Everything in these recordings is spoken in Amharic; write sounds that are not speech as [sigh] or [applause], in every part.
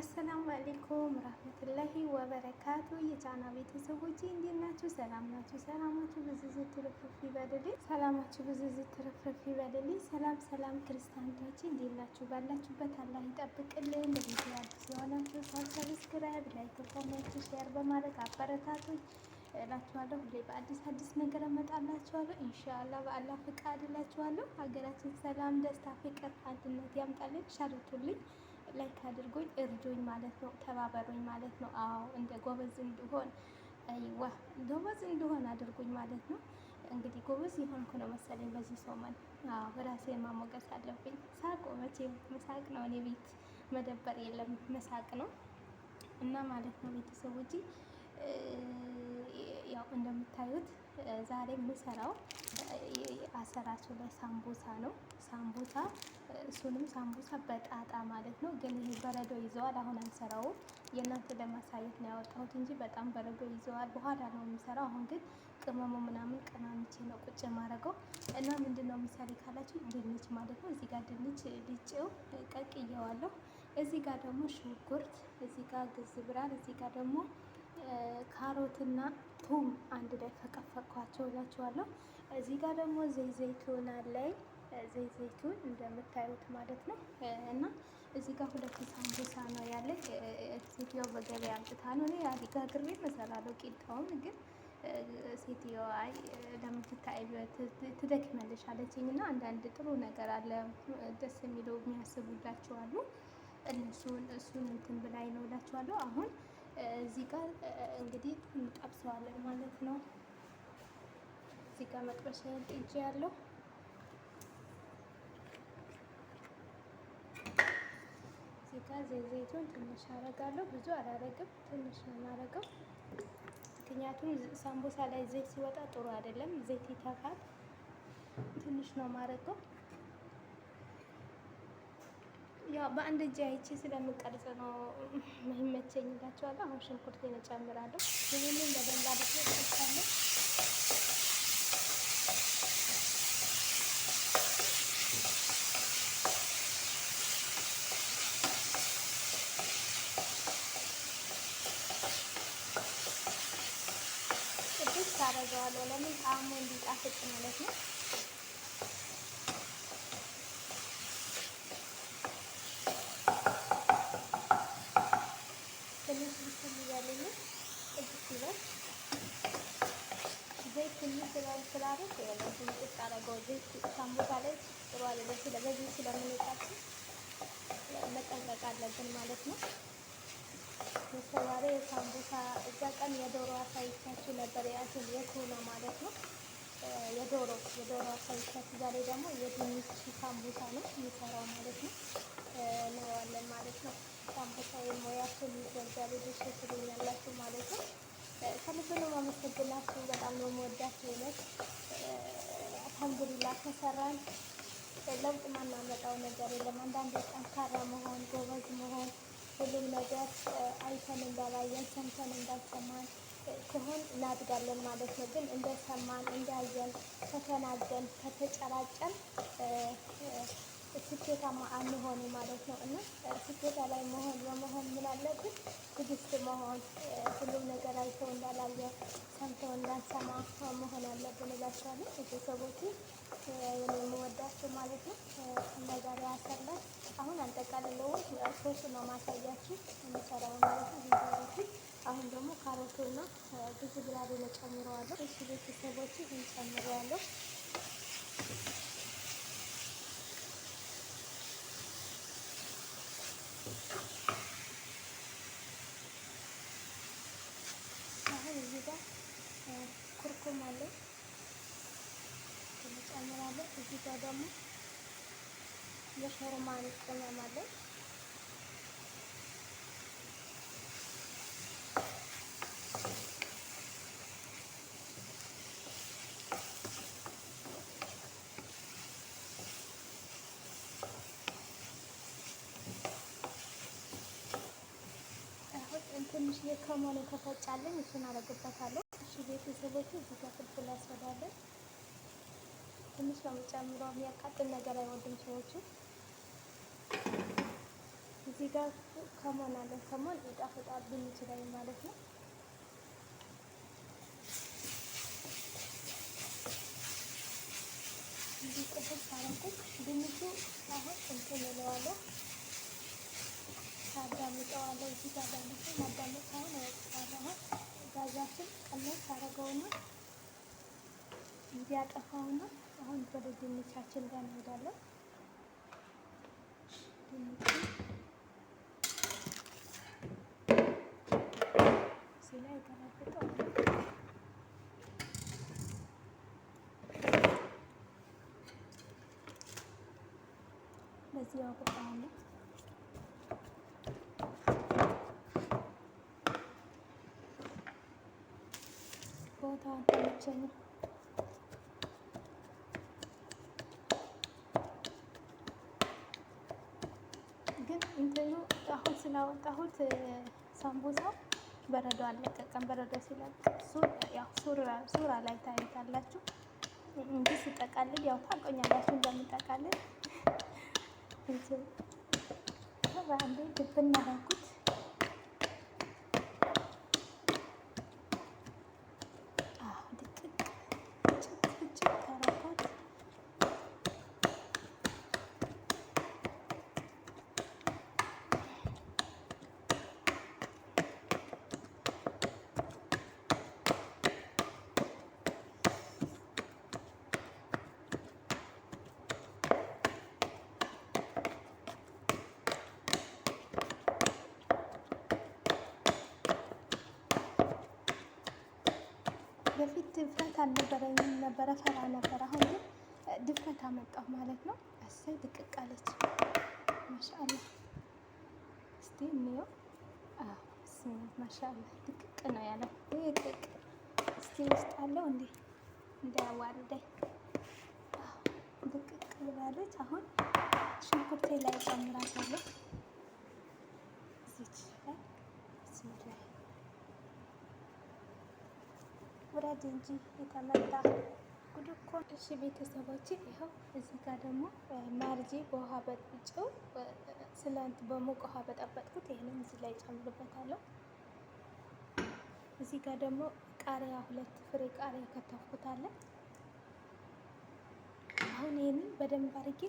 አሰላሙ አሌይኩም ራህመቱላሂ ወበረካቱ የጫና ቤተሰቦች እንዴት ናችሁ? ሰላም ናችሁ? ሰላማችሁ ብዝዝት ትርፍርፍ ይበልልኝ። ሰላማችሁ ብዝዝት ትርፍርፍ ይበልልኝ። ሰላም ሰላም ክርስቲያኖች እንዴት ናችሁ? ባላችሁበት አላህ ይጠብቅልን። ለቤት አዲስ የሆናችሁ ሰብስክራይብ፣ ላይክ፣ ኮሜንት፣ ሼር በማድረግ አበረታቶች እላችኋለሁ። ሁሌ በአዲስ አዲስ ነገር እመጣላችኋለሁ። ኢንሻላህ በአላህ ፍቃድ እላችኋለሁ። ሀገራችን ሰላም፣ ደስታ፣ ፍቅር፣ አንድነት ያምጣልን። ሻርቱልኝ ላይክ አድርጎኝ እርዱኝ ማለት ነው። ተባበሩኝ ማለት ነው። አዎ እንደ ጎበዝ እንድሆን አይዋ ጎበዝ እንድሆን አድርጉኝ ማለት ነው። እንግዲህ ጎበዝ የሆንኩ ነው መሰለኝ በዚህ ሰሞን። አዎ ራሴን ማሞገስ አለብኝ። ሳቅ መቼም መሳቅ ነው። እኔ ቤት መደበር የለም መሳቅ ነው እና ማለት ነው ቤተሰቦቼ ያው እንደምታዩት ዛሬ የምሰራው አሰራሱ ላይ ሳምቡሳ ነው። ሳምቡሳ እሱንም ሳምቡሳ በጣጣ ማለት ነው። ግን ይህ በረዶ ይዘዋል። አሁን አንሰራውም። የእናንተ ለማሳየት ነው ያወጣሁት እንጂ በጣም በረዶ ይዘዋል። በኋላ ነው የምሰራው። አሁን ግን ቅመሙ ምናምን ቀናንቼ ነው ቁጭ ማድረገው እና ምንድን ነው ምሳሌ ካላችሁ ድንች ማለት ነው። እዚህ ጋር ድንች ልጬው ቀቅዬዋለሁ። እዚህ ጋር ደግሞ ሽንኩርት፣ እዚህ ጋር ግዝብራል፣ እዚህ ጋር ደግሞ ካሮትና ቱም አንድ ላይ ፈቀፈቅኳቸው እላችኋለሁ። እዚህ ጋር ደግሞ ዘይ ዘይቱን አለኝ። ዘይ እንደምታዩት ማለት ነው። እና እዚህ ጋር ሁለት ሳምቡሳ ነው ያለ። ሴትዮዋ በገበያ አምጥታ ነው እኔ አዲጋግሬ እሰራለሁ። ቂጣውን ግን ሴትዮ አይ ለምትታይ ትደክመልሽ አለችኝ። እና አንዳንድ ጥሩ ነገር አለ ደስ የሚለው የሚያስቡላችሁ አሉ። እነሱን እሱን እንትን ብላኝ ነው እላችኋለሁ አሁን እዚህ ጋር እንግዲህ እንጠብሰዋለን ማለት ነው። እዚህ ጋር መጥበሻ ጥጄ ያለው እዚህ ጋር ዘይቱን ትንሽ አረጋለሁ። ብዙ አላረግም፣ ትንሽ ነው የማረገው። ምክንያቱም ሳምቦሳ ላይ ዘይት ሲወጣ ጥሩ አይደለም፣ ዘይት ይተፋል። ትንሽ ነው የማረገው። ያው በአንድ እጅ አይቼ ስለምቀርጽ ነው ይመቸኝ ይላችኋል። አሁን ሽንኩርት እጨምራለሁ። ይህንን በደንብ አድርጌ እቀርጻለሁ። ቅድስት አደርገዋለሁ። ለምን ጣዕሙ እንዲጣፍጥ ማለት ነው። ሲበል ዘይት ትንሽ ስላል ስላደረግ ያለውን ትንጥቅ አደረገው። ዘይት ሳምቡሳ ላይ ጥሩ አለበት። ስለዚህ ስለምንወጣችን መጠንቀቅ አለብን ማለት ነው። የተባለው የሳምቡሳ እዛ ቀን የዶሮ አሳይቻችሁ ነበር ያችን የቱና ማለት ነው። የዶሮ የዶሮ አሳይቻችሁ እዛ ደግሞ የድንች ሳምቡሳ ነው የሚሰራው ማለት ነው። እናየዋለን ማለት ነው። ሳምቡሳ የሙያችን ይዘዛ ልጆች ትሉኛላችሁ ማለት ነው። ከልብ ነው የማመሰግናችሁ። በጣም ነው የምወዳችሁ። እውነት አልሐምዱሊላህ ከሰራን ለውጥ ማናመጣው ነገር የለም። አንዳንዴ ጠንካራ መሆን፣ ጎበዝ መሆን፣ ሁሉም ነገር አይተን እንዳላየን ሰምተን እንዳልሰማን ሲሆን እናድጋለን ማለት ነው። ግን እንደሰማን እንዳየን ከተናገን ከተጨራጨን ስኬታማ አንሆን ማለት ነው። እና ስኬታ ላይ መሆን ለመሆን ምን አለብን? ትግስት መሆን ሁሉም ነገር አይተው እንዳላየ ሰምተው እንዳንሰማ መሆን አለብን እላቸዋለሁ። ቤተሰቦች የምወዳቸው ማለት ነው። ነጋሪ ያሰላል አሁን አንጠቃልለውም ሶስት ነው ማሳያችሁ የሚሰራው ማለት ነው። ቤተሰቦች አሁን ደግሞ ካሮቱ ካሮቱና ብዙ ብራሪ ጨምረዋለሁ። እሱ ቤተሰቦች ይህን ጨምረዋለሁ እዚህ ጋር ደግሞ የሾርማን ቅመም አለኝ። ትንሽ የከሞኔ ተፈጫለኝ እሱን አደርግበታለሁ። እሺ ቤተሰቦች እዚህ ጋር ፍልፍል ትንሽ ነው የሚጨምረው። የሚያቃጥል ነገር አይወድም ሰዎቹ። እዚህ ጋር ከሞን አለን። ከሞን ይጣፍጣል ብን ይችላል ማለት ነው። እዚህ ጥፍል ድንቹ አሁን እንትን እለዋለሁ አዳምጠዋለሁ። እዚህ ጋር ማዳመጥ ሳይሆን እወቅታለሁ። ጋዛችን ቀለል ሳረገውና እንዲያጠፋውና አሁን ወደ ድንቻችን ጋር እንሄዳለን። በዚህ አውቅጣዋለሁ አሁን ስላወጣሁት ሳምቡሳው በረዶ አልለቀቀም። በረዶ ሲለቅ ሱራ ላይ ታይታላችሁ እንጂ ስጠቃልል ያው ታቆኛላችሁ እንደምጠቃልል አንዴ ድብና አልነበረኝም ነበረ፣ ፈራ ነበረ። አሁን ግን ድፍረት አመጣሁ ማለት ነው። እሰይ ድቅቅ አለች። ማሻአላ እስቲ እንየው። ማሻአላ ድቅቅ ነው ያለው። ድቅቅ እስቲ ውስጥ አለው እንዴ እንዳያዋርደኝ ድቅቅ ብላለች። አሁን ሽንኩርቴ ላይ ጨምራታለሁ። ውረድ እንጂ የተመጣ ጉድ እኮ። እሺ ቤተሰቦች፣ ይኸው እዚህ ጋር ደግሞ ማርጂ በውሃ በጥብጬው ስላንት በሞቀ ውሃ በጠበጥኩት። ይህንም እዚህ ላይ ጨምርበታለሁ። እዚህ ጋር ደግሞ ቃሪያ፣ ሁለት ፍሬ ቃሪያ ከተፍኩታለን። አሁን ይህንን በደንብ አድርጌ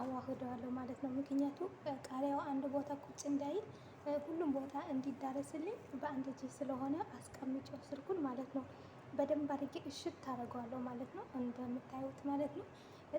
አዋህደዋለሁ ማለት ነው። ምክንያቱም ቃሪያው አንድ ቦታ ቁጭ እንዳይል ሁሉም ቦታ እንዲዳረስልኝ በአንድ እጅ ስለሆነ አስቀምጬው ስልኩን ማለት ነው። በደንብ አድርጌ እሽት ታደርገዋለሁ ማለት ነው። እንደምታዩት ማለት ነው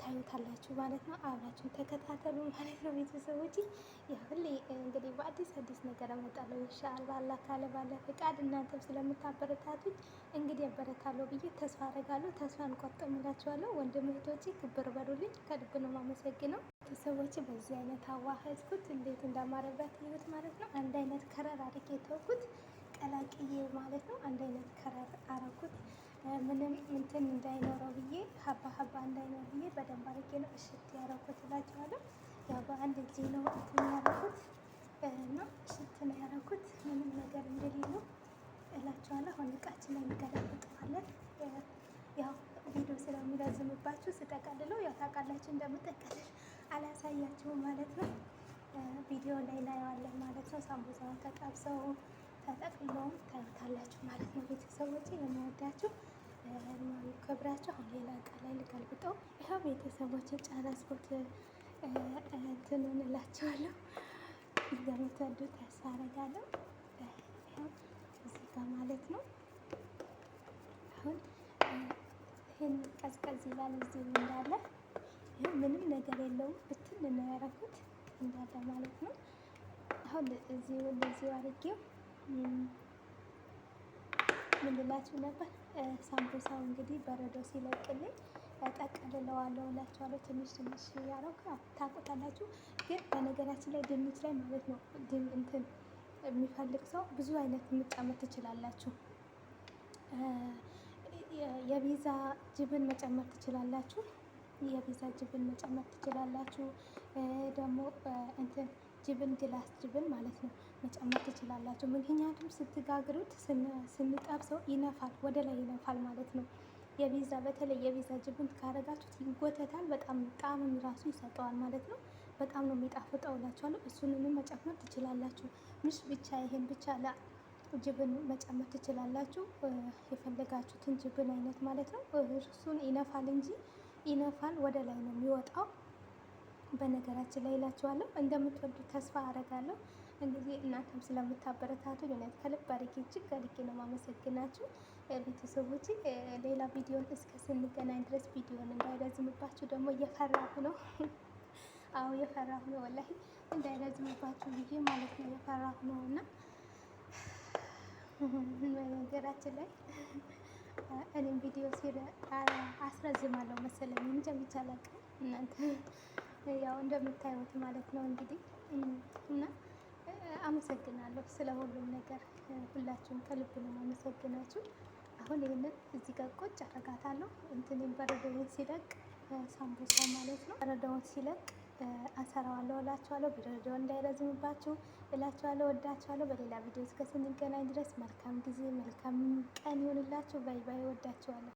ታዩታላችሁ ማለት ነው። አብራችሁን ተከታተሉ ማለት ነው ቤተሰቦች። ሁሌ እንግዲህ በአዲስ አዲስ ነገር አመጣለሁ ኢንሻአላህ አላህ ካለ ባለ ፍቃድ እናንተም ስለምታበረታቱኝ እንግዲህ አበረታለሁ ብዬ ተስፋ አደርጋለሁ። ተስፋ አንቆርጥም እላችኋለሁ። ወንድም እህቶቼ ክብር በሉልኝ። ከልብ ነው የማመሰግነው ቤተሰቦች። በዚህ አይነት አዋህድኩት እንዴት እንዳማረበት ይሁት ማለት ነው። አንድ አይነት ከረር አድርጌ ተውኩት። ቀላቅዬ ማለት ነው። አንድ አይነት ከረር አረኩት። ምንም እንትን እንዳይኖረው ብዬ ሀባ ሀባ እንዳይኖር ብዬ በደንብ አድርጌ ነው እሽት ያረኩት እላቸዋለሁ። ያው በአንድ ጊዜ ነው እንትን ያረኩት እና እሽት ነው ያረኩት ምንም ነገር እንደሌለው እላቸዋለሁ። አሁን እቃችን ላይ እንገለብጠዋለን። ያው ቪዲዮ ስለሚረዝምባችሁ ስጠቀልለው ያው ታውቃላችሁ እንደምጠቀልል አላሳያችሁም ማለት ነው። ቪዲዮ ላይ እናየዋለን ማለት ነው። ሳምቡዛውን ተጠብሰው ጠቅላውን ታዩታላችሁ ማለት ነው። ቤተሰቦች ለመወዳችሁ ከብራችሁ አሁን ሌላ እቃ ላይ ልገልብጠው። ይኸው ቤተሰቦች ጨረስኩት። እንትኑን እላችኋለሁ እንደምትወዱት ተስፋ አደርጋለሁ። ይኸው እዚህ ጋር ማለት ነው። አሁን ይህን ቀዝቀዝ ይላል እዚህ እንዳለ ምንም ነገር የለውም። ብትን ነው ያደረኩት እንዳለ ማለት ነው። አሁን እዚሁ እንደዚሁ አድርጌው ምን ልላችሁ ነበር? ሳምቡሳው እንግዲህ በረዶ ሲለቅልኝ ጠቀልለዋለሁ እላችኋለሁ። ትንሽ ትንሽ እያረው ታቆታላችሁ። ግን በነገራችን ላይ ድንች ላይ ማለት ነው እንትን የሚፈልግ ሰው ብዙ አይነት መጨመር ትችላላችሁ። የቤዛ ጅብን መጨመር ትችላላችሁ። የቪዛ ጅብን መጨመር ትችላላችሁ ደግሞ እንትን ጅብን ግላስ ጅብን ማለት ነው መጨመር ትችላላችሁ። ምክንያቱም ስትጋግሩት ስንጠብሰው ይነፋል፣ ወደ ላይ ይነፋል ማለት ነው። የቪዛ በተለይ የቪዛ ጅብን ካረጋችሁት ይጎተታል። በጣም ጣዕምም ራሱ ይሰጠዋል ማለት ነው። በጣም ነው የሚጣፍጠው እላችኋለሁ። እሱንም መጨመር ትችላላችሁ። ምሽ ብቻ ይሄን ብቻ ላ ጅብን መጨመር ትችላላችሁ። የፈለጋችሁትን ጅብን አይነት ማለት ነው። እሱን ይነፋል እንጂ ይነፋል፣ ወደ ላይ ነው የሚወጣው በነገራችን ላይ እላችኋለሁ እንደምትወዱ ተስፋ አረጋለሁ። እንግዲህ እናንተም ስለምታበረታቱ እውነት ከልብ አድርጌ እጅግ አድርጌ ነው ማመሰግናችሁ ቤተሰቦች። ሌላ ቪዲዮን እስከ ስንገናኝ ድረስ ቪዲዮን እንዳይረዝምባችሁ ደግሞ እየፈራሁ ነው። [laughs] አዎ እየፈራሁ ነው ወላሂ እንዳይረዝምባችሁ ብዬ ማለት ነው እየፈራሁ ነው እና [laughs] በነገራችን ላይ እኔም ቪዲዮ ሲረ አስረዝማለሁ መሰለኝ እንጃ ብቻ አላውቅም እናንተ ያው እንደምታዩት ማለት ነው እንግዲህ እና አመሰግናለሁ ስለ ሁሉም ነገር ሁላችሁም ከልብ ነው አመሰግናችሁ። አሁን ይህንን እዚህ ጋር ቁጭ አረጋታለሁ። እንትንም በረዶውን ሲለቅ ሳምቡሳ ማለት ነው በረዶውን ሲለቅ አሰራዋለሁ እላችኋለሁ። በረዶ እንዳይረዝምባችሁ እላችኋለሁ። ወዳችኋለሁ። በሌላ ቪዲዮ እስከ ስንገናኝ ድረስ መልካም ጊዜ፣ መልካም ቀን ይሆንላችሁ። ባይ ባይ። ወዳችኋለሁ።